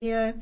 je